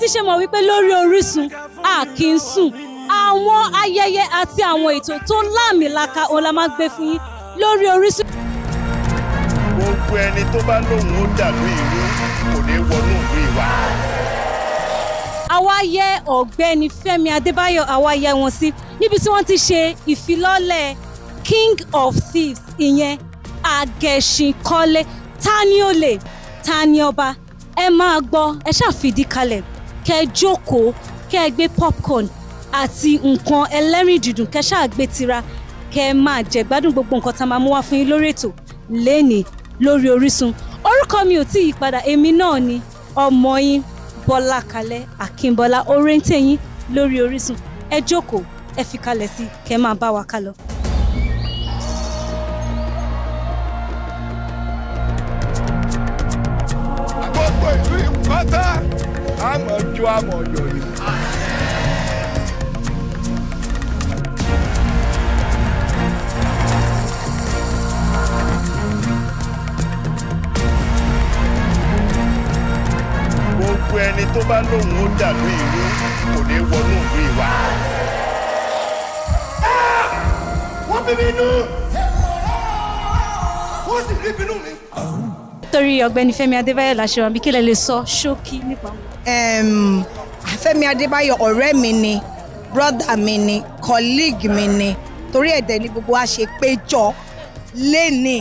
ti ṣe mọ̀ wípé lórí Orísun a kì í sùn àwọn ayẹyẹ àti àwọn ètò tó láàmìlaka òun la máa gbé fún yín lórí Orísun. gbogbo ẹni tó bá lóun ó dàlú ìlú kò ní wọnú ìlú ìwà. àwa ọ̀gbẹ́ni Fẹ́mi Adébáyọ̀ àwa wọn sí níbi tí wọ́n ti ṣe ìfilọ́lẹ̀ King of Thieves ìyẹn Àgẹ̀ṣinkọ́lé ta ni ó lè ta ni ọba ẹ máa gbọ́ ẹ ṣàfìdí kalẹ̀ kẹ́ ẹ jókòó kẹ́ ẹ gbé popcorn àti nǹkan ẹlẹ́rìn dùdùn kẹ́ ẹ ṣáà gbé tira kẹ́ ẹ máa jẹ gbádùn gbogbo nǹkan tá a máa mú wá fún yín lórí ètò lẹ́ni lórí Orísun orúkọ mi ò tí ì padà èmi náà ni ọmọ yín Bọ́lá Kalẹ́ Akínbọ́lá oréńtẹ̀yìn lórí Orísun ẹ jókòó ẹ fi kalẹ̀ sí kẹ́ ẹ máa bá wa ká lọ. àmọ̀ ju àmọ̀ yọ̀ ni. gbogbo ẹni tó bá lóun ó dàlú ìlú kò lè wọnú ìlú ìwà. Ah! wọ́n bí mi nú wọ́n sì rí bínú mi torí ọ̀gbẹ́ni Fẹ́mi Adébáyọ̀ Láṣẹwàbí kí lẹ lè sọ ṣókí nípa. Fẹ́mi Adébáyọ̀ ọ̀rẹ́ mi ni brọ́dà mi ni colleague mi ni torí ẹ̀dẹ̀ ni gbogbo wa ṣe péjọ léni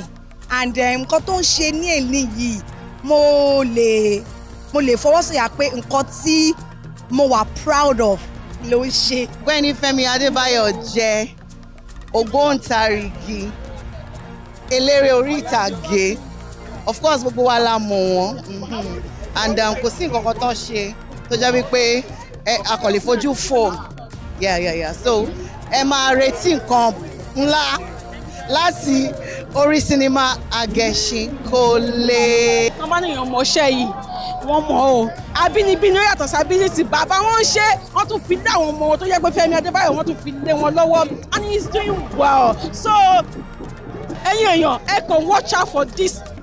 and nǹkan tó ń ṣe ní èlì yìí mo lè mo lè fọwọ́ sọ̀yà pé nǹkan tí mo wà proud of ló ń ṣe. ọ̀gbẹ́ni Fẹ́mi Adébáyọ̀ jẹ́ ògbóǹtarìgì eléré orí ìtàgé of course gbogbo wa la mọ̀ wọ́n mm-hmm. and um, kò sí nǹkan kan tó ṣe tó jẹ́ wípé akọ̀lẹ̀ fojú fò yeah yeah yeah so ẹ máa retí nǹkan ńlá láti orí sinimá Àgẹ̀ṣinkólé. wọ́n bá níyàn mọ̀ọ́ṣẹ́ yìí wọ́n mọ̀ ọ́ àbínibí ni ó yàtọ̀ sí àbínibí bàbá wọn ń ṣe wọ́n tún fi dá àwọn ọmọ wọn tó yẹ pé Fẹ́mi Adébáyọ̀ wọ́n tún fi lé wọn lọ́wọ́ and he is doing well so ẹ̀yin èèyàn ẹ kàn watch out for this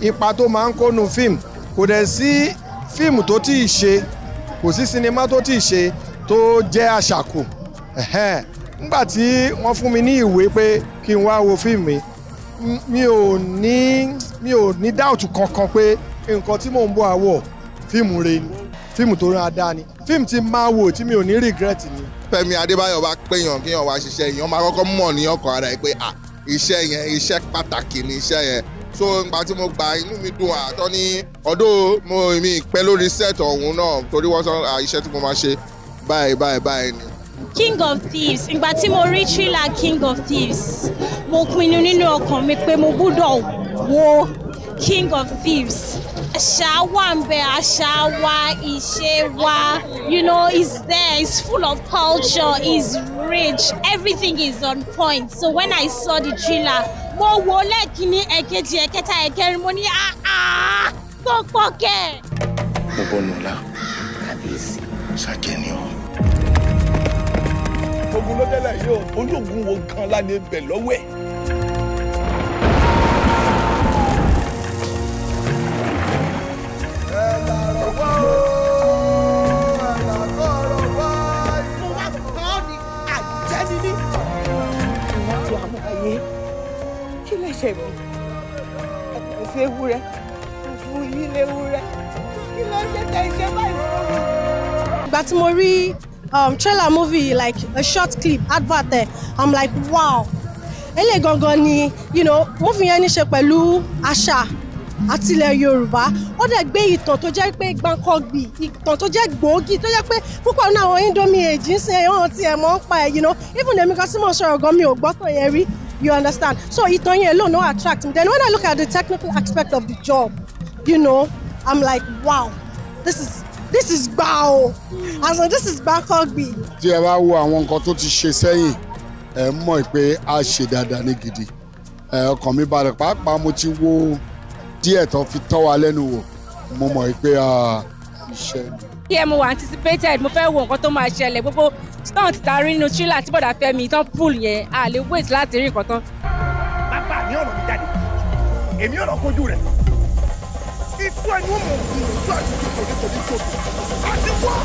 ipa tó máa ń kónú fíìmù kò dẹ̀ sí fíìmù tó tí ì ṣe kò sí sinimá tó tí ṣe tó jẹ́ àṣàkò nígbà tí wọ́n fún mi ní ìwé pé kí n wá wo fíìmù mi mi ò ní mi ò ní dáùtù kankan pé nǹkan tí mò ń bọ̀ àwọ̀ fíìmù rẹ ni fíìmù tó rán adá ni fíìmù tí máa wò tí mi ò ní regret ni. Fẹ́mi Adébáyọ̀ bá péyàn kéèyàn wá ṣiṣẹ́ èèyàn máa kọ́kọ́ mọ̀ ní ọkàn ara ẹ̀ pé iṣẹ́ yẹn iṣẹ́ pàtàkì ni iṣẹ́ yẹn so ìgbà tí mo gbà inú mi dùn àtọ́ ní ọdún mo mi pẹ́ lórí set ọ̀hún náà torí wọ́n sọ iṣẹ́ tí mo máa ṣe báyìí báyìí báyìí ni. King of Thieves ìgbà tí mo rí thriller King of Thieves mo pinnu nínú ọkàn mi pé mo gbúdọ̀ wo King of Thieves àṣà wa ń bẹ àṣà wa ìṣe wa you know it's there it's full of culture it's rich everything is on point so when I saw the thriller mo wò lẹ́ẹ̀kínní ẹ̀kejì ẹ̀kẹta ẹ̀kẹrin mo ní pọ́pọ́ ah, ah, kẹ̀. gbogbo nùlá kábíyèsí ṣàjẹ́ ni o. ogun ló délẹ̀ yìí o ológun wo gan-an lálẹ́ bẹ̀ lọ́wọ́ ẹ̀. ìṣègùn ẹ̀pẹ̀ sí ewúrẹ́ fún yín léwúrẹ́ kí ló ṣe tẹ iṣẹ́ báyìí ìgbà tí mo rí um, trailer movie like a short clip advert ẹ̀ i'm like wow Ele gangan ni you know movie yẹn ní ṣe pẹ̀lú àṣà àtilẹ̀ yorùbá ó dẹ̀ gbé ìtàn tó jẹ́ pé gbáǹkọ́gbì ìtàn tó jẹ́ gbòógì tó jẹ́ pé púpọ̀ nínú àwọn indomie èjì ń sin ẹ̀yàn ti ẹ̀ mọ́ ń pa ẹ̀ yìí ná even èmi kan tí mo sọ̀rọ̀ gan mi ò gbọ́tàn yẹn rí You understand? So Itonye alone no attract me. Then when I look at the technical aspect of the job, you know, I'm like, wow, this is this is gbao and so this is Bakogbi. tí ẹ bá wo àwọn nǹkan tó ti ṣe sẹ́yìn ẹ mọ̀ pé a ṣe dáadáa ní gidi ọkàn mi balẹ̀ pàápàá mo ti wo díẹ̀ tó fi tọ́ wa lẹ́nu wò mo mọ̀ pé ah, iṣẹ́ ni. kí ẹ mo wà anticipated mo fẹ́ wo nǹkan tó máa ṣẹlẹ̀ gbogbo stunt ta rí nínú thriller tí bọ̀dà Fẹ́mi tán pull yẹn a lè wait láti rí nǹkan tán. bàbá mi ọ̀nà mi jáde èmi ọ̀nà kojú rẹ̀ ìtú ẹni ó mọ̀ òkú ìlú ojú àti ìjòkó ní tòlítòlù àti wọ́n.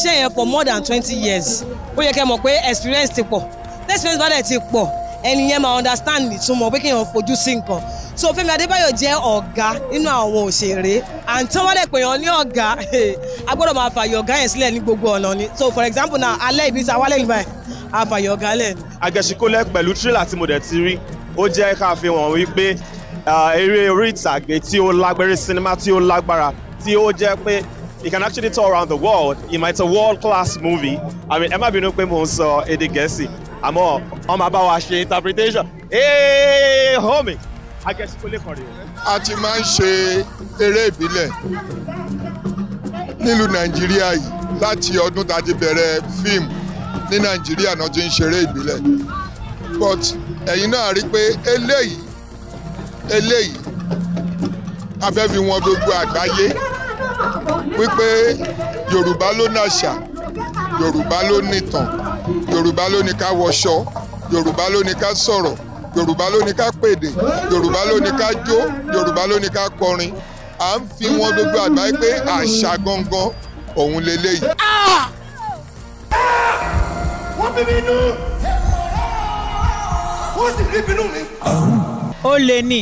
iṣẹ́ yẹn for more than twenty years ó yẹ kẹ́ mọ̀ pé experience ti pọ̀ experience bá dẹ̀ ti pọ̀ ẹni yẹn máa understand ìtumọ̀ pé kéèyàn fojú sí nǹkan so Fẹ́mi Adébáyọ̀ jẹ́ ọ̀gá nínú àwọn òṣèré àǹtán wọ́n lè pè yàn ní ọ̀gá a gbọ́dọ̀ máa fààyè ọ̀gá yẹn sílẹ̀ ní gbogbo ọ̀nà ni so for example na alẹ́ ibi tí a wálé nígbà yẹn a fààyè ọ̀gá lẹ̀. àgẹ̀ṣikólẹ̀ pẹ̀lú tírélà tí mo dẹ̀ ti rí ó jẹ́ ká fi hàn wípé eré orí ìtàgé tí ó lágbára sinimá tí ó lágbára tí ó jẹ́ pé you can actually tour around the world ìmọ̀ it's a world class movie I mean Emma má bínú pé mò I'm sọ èdè gẹ̀ẹ́sì àmọ́ ọ interpretation hey, homie I guess rèé. a you. máa ń ṣe eré ìbílẹ̀ nílùú nàìjíríà yìí láti ọdún tá a ti bẹ̀rẹ̀ fíìmù ní nàìjíríà náà ti ń ṣeré ìbílẹ̀ but ẹ̀yin náà rí i pé eléyìí eléyìí a fẹ́ fi wọn gbogbo àgbáyé wípé yorùbá ló ní àṣà yorùbá ló ní ìtàn yorùbá ló ní ká wọṣọ yorùbá ló ní ká sọ̀rọ̀ yorùbá ló ní ká pèdè yorùbá ló ní ká jó yorùbá ló ní ká kọrin à ń fi wọn gbogbo àgbáyé pé àṣà gangan òun leléyìí. wọ́n bí mi nú wọ́n sì rí bínú mi. ó lè ní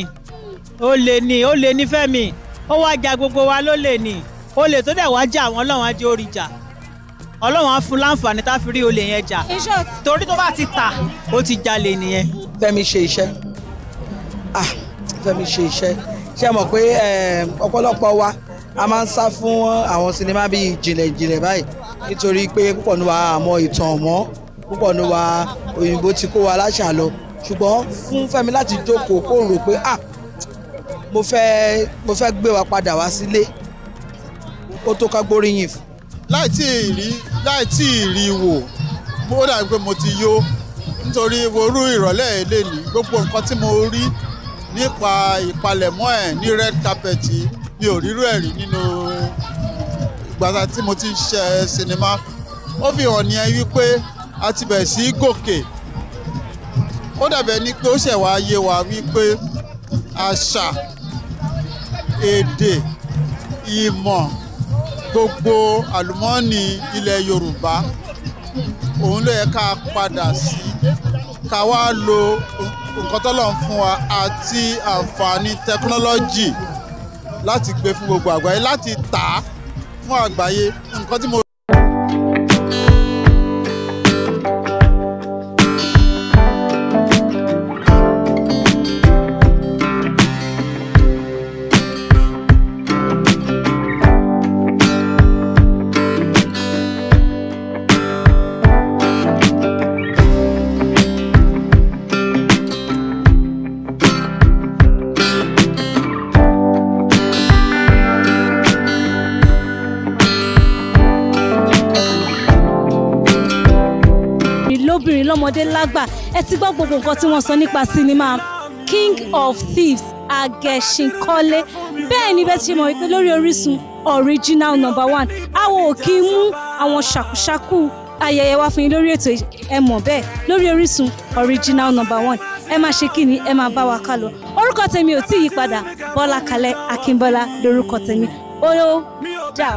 ó lè ní ó lè ní fẹ́mi ó wá ja gbogbo wa lólè ni olè tó dẹ̀ wá jà àwọn ọlọ́run á jẹ́ orí jà ọlọ́run á fún láǹfààní tá a fi rí olè yẹn jà torí tó bá ti tà ó ti jalè nìyẹn. fẹ́mi ṣe iṣẹ́ ah fẹ́mi ṣe iṣẹ́ ṣé mọ̀ pé eh, ọ̀pọ̀lọpọ̀ wa a máa ń sá fún àwọn sinimá bíi jìnlẹ̀jìnlẹ̀ báyìí nítorí pé púpọ̀ nu wa àmọ́ ìtàn ọ̀mọ́ púpọ̀ nu wa òyìnbó ti kó wa láṣà lọ ṣùgbọ́n fún fẹ́mi láti jókòó kó rò pé ah mo fẹ́ mo fẹ́ gbé wa padà wá sílé ó tó ká gbóríyìn fún. láì tí ì rí láì tí ì rí wò ó dàbí pé mo ti yó nítorí orú ìrọ̀lẹ́ eléyìí gbogbo nǹkan tí mo rí nípa ìpalẹ̀mọ́ ẹ̀ ní red carpet mi ò rírú ẹ̀ rí nínú ìgbàta tí mo ti ń ṣe sinimá ó fi hàn ní ẹ wípé a ti bẹ̀ sí gòkè ó dàbẹ̀ ni pé ó ṣẹ̀ wá yé wa wípé àṣà èdè ìmọ̀ gbogbo àlùmọ́ọ́nì ilẹ̀ Yorùbá òun ló yẹ ká padà sí ká wá lo nǹkan t'Ọlọ́run fún wa àti àǹfààní tẹkinọ́lọ́jì láti gbé fún gbogbo àgbáyé láti tà á fún àgbáyé nǹkan tí mo. lọ́mọdé lágbà ẹ ti gbọ́ gbogbo nǹkan tí wọ́n sọ nípa sinimá King of Thieves Agẹṣinkọ́lé bẹ́ẹ̀ ni bẹ́ẹ̀ ti mọ̀ wípé lórí Orísun original number one àwọn ò kí ń mú àwọn ṣàkúṣàkú ayẹyẹ wá fún yín lórí ètò ẹ mọ̀ bẹ́ẹ̀ lórí Orísun original number one ẹ máa ṣe kí ni ẹ máa bá wa ká lọ orúkọ tèmi ò tí yí padà Bọ́lá Kalẹ́ Akínbọ́lá lórúkọ tèmi ó dà.